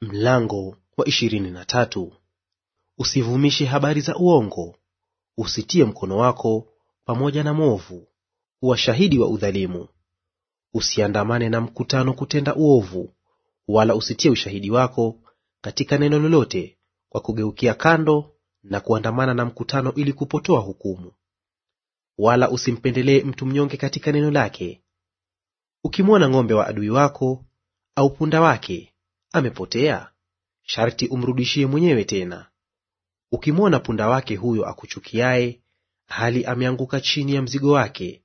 Mlango wa ishirini na tatu. Usivumishe habari za uongo, usitie mkono wako pamoja na mwovu kuwa shahidi wa udhalimu. Usiandamane na mkutano kutenda uovu, wala usitie ushahidi wako katika neno lolote kwa kugeukia kando na kuandamana na mkutano ili kupotoa hukumu. Wala usimpendelee mtu mnyonge katika neno lake. Ukimwona ng'ombe wa adui wako au punda wake amepotea, sharti umrudishie mwenyewe tena. Ukimwona punda wake huyo akuchukiaye, hali ameanguka chini ya mzigo wake,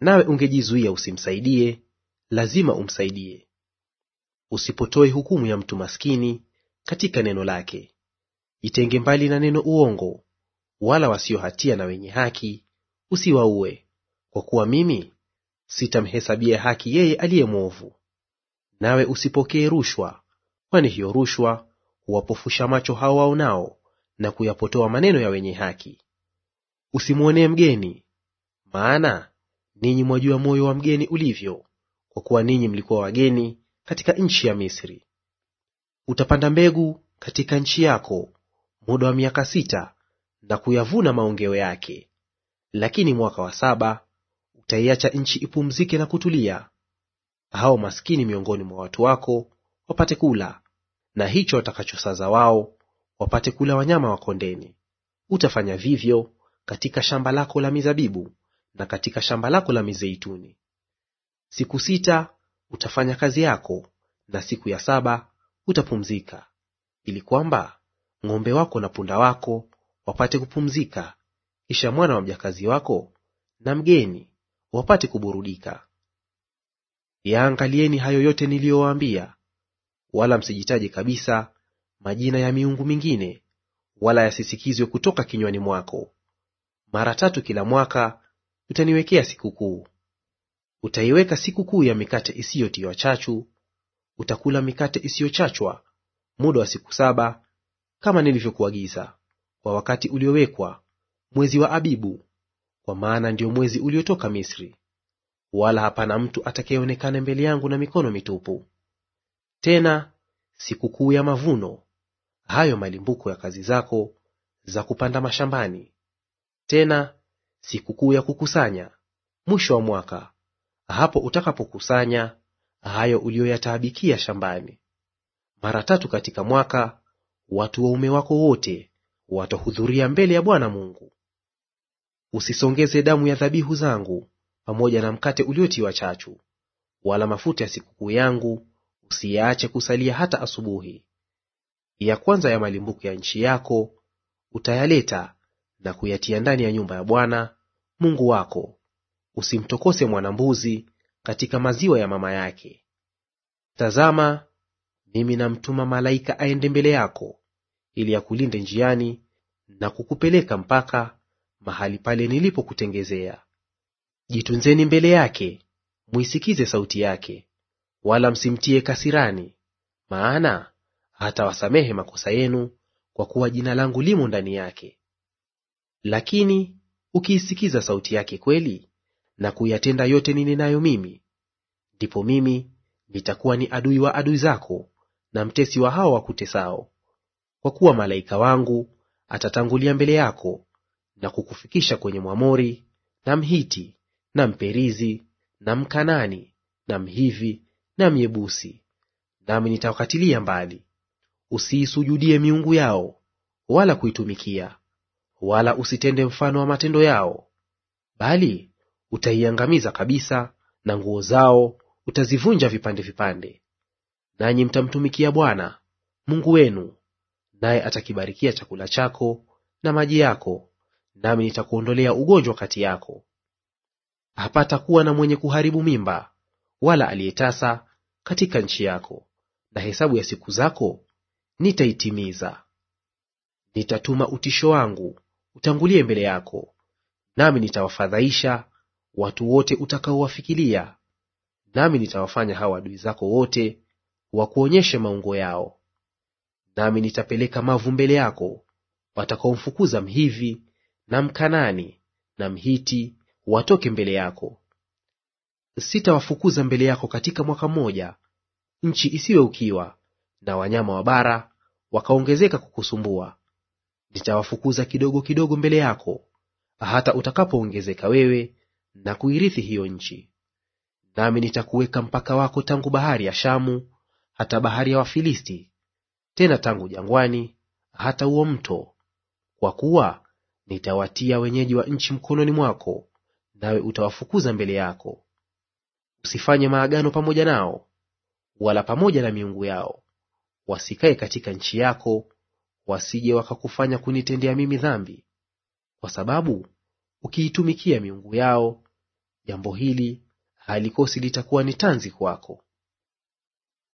nawe ungejizuia usimsaidie, lazima umsaidie. Usipotoe hukumu ya mtu maskini katika neno lake. itenge mbali na neno uongo, wala wasio hatia na wenye haki usiwaue, kwa kuwa mimi sitamhesabia haki yeye aliye mwovu. Nawe usipokee rushwa, kwani hiyo rushwa huwapofusha macho hao waonao na kuyapotoa maneno ya wenye haki. Usimwonee mgeni, maana ninyi mwajua moyo wa mgeni ulivyo, kwa kuwa ninyi mlikuwa wageni katika nchi ya Misri. Utapanda mbegu katika nchi yako muda wa miaka sita na kuyavuna maongeo yake, lakini mwaka wa saba utaiacha nchi ipumzike na kutulia, hao maskini miongoni mwa watu wako wapate kula na hicho watakachosaza wao wapate kula wanyama wa kondeni. Utafanya vivyo katika shamba lako la mizabibu na katika shamba lako la mizeituni. Siku sita utafanya kazi yako, na siku ya saba utapumzika, ili kwamba ng'ombe wako na punda wako wapate kupumzika, kisha mwana wa mjakazi wako na mgeni wapate kuburudika. Yaangalieni hayo yote niliyowaambia, wala msijitaje kabisa majina ya miungu mingine, wala yasisikizwe kutoka kinywani mwako. Mara tatu kila mwaka utaniwekea sikukuu. Utaiweka sikukuu ya mikate isiyotiwa chachu. Utakula mikate isiyochachwa muda wa siku saba, kama nilivyokuagiza, kwa wakati uliowekwa, mwezi wa Abibu, kwa maana ndio mwezi uliotoka Misri. Wala hapana mtu atakayeonekana mbele yangu na mikono mitupu. Tena sikukuu ya mavuno, hayo malimbuko ya kazi zako za kupanda mashambani. Tena sikukuu ya kukusanya mwisho wa mwaka, hapo utakapokusanya hayo uliyoyataabikia shambani. Mara tatu katika mwaka watu waume wako wote watahudhuria mbele ya Bwana Mungu. Usisongeze damu ya dhabihu zangu pamoja na mkate uliotiwa chachu, wala mafuta ya sikukuu yangu usiyaache kusalia hata asubuhi. Ya kwanza ya malimbuko ya nchi yako utayaleta na kuyatia ndani ya nyumba ya Bwana Mungu wako. Usimtokose mwana-mbuzi katika maziwa ya mama yake. Tazama, mimi namtuma malaika aende mbele yako ili akulinde njiani na kukupeleka mpaka mahali pale nilipokutengezea. Jitunzeni mbele yake, mwisikize sauti yake, wala msimtie kasirani, maana hatawasamehe makosa yenu, kwa kuwa jina langu limo ndani yake. Lakini ukiisikiza sauti yake kweli na kuyatenda yote ninenayo mimi, ndipo mimi nitakuwa ni adui wa adui zako na mtesi wa hao wakutesao, kwa kuwa malaika wangu atatangulia mbele yako na kukufikisha kwenye Mwamori na Mhiti na Mperizi na Mkanani na Mhivi na Myebusi, nami nitawakatilia mbali. Usiisujudie miungu yao wala kuitumikia, wala usitende mfano wa matendo yao, bali utaiangamiza kabisa, na nguo zao utazivunja vipande vipande. Nanyi mtamtumikia Bwana Mungu wenu, naye atakibarikia chakula chako na maji yako, nami nitakuondolea ugonjwa kati yako. Hapatakuwa na mwenye kuharibu mimba wala aliyetasa katika nchi yako, na hesabu ya siku zako nitaitimiza. Nitatuma utisho wangu utangulie mbele yako, nami nitawafadhaisha watu wote utakaowafikilia, nami nitawafanya hawa adui zako wote wakuonyeshe maungo yao. Nami nitapeleka mavu mbele yako watakaomfukuza Mhivi na Mkanani na Mhiti watoke mbele yako, sitawafukuza mbele yako katika mwaka mmoja, nchi isiwe ukiwa na wanyama wa bara wakaongezeka kukusumbua. Nitawafukuza kidogo kidogo mbele yako, hata utakapoongezeka wewe na kuirithi hiyo nchi. Nami nitakuweka mpaka wako tangu bahari ya Shamu hata bahari ya Wafilisti, tena tangu jangwani hata uo mto, kwa kuwa nitawatia wenyeji wa nchi mkononi mwako, nawe utawafukuza mbele yako. Usifanye maagano pamoja nao, wala pamoja na miungu yao, wasikae katika nchi yako, wasije wakakufanya kunitendea mimi dhambi, kwa sababu ukiitumikia miungu yao, jambo hili halikosi litakuwa ni tanzi kwako.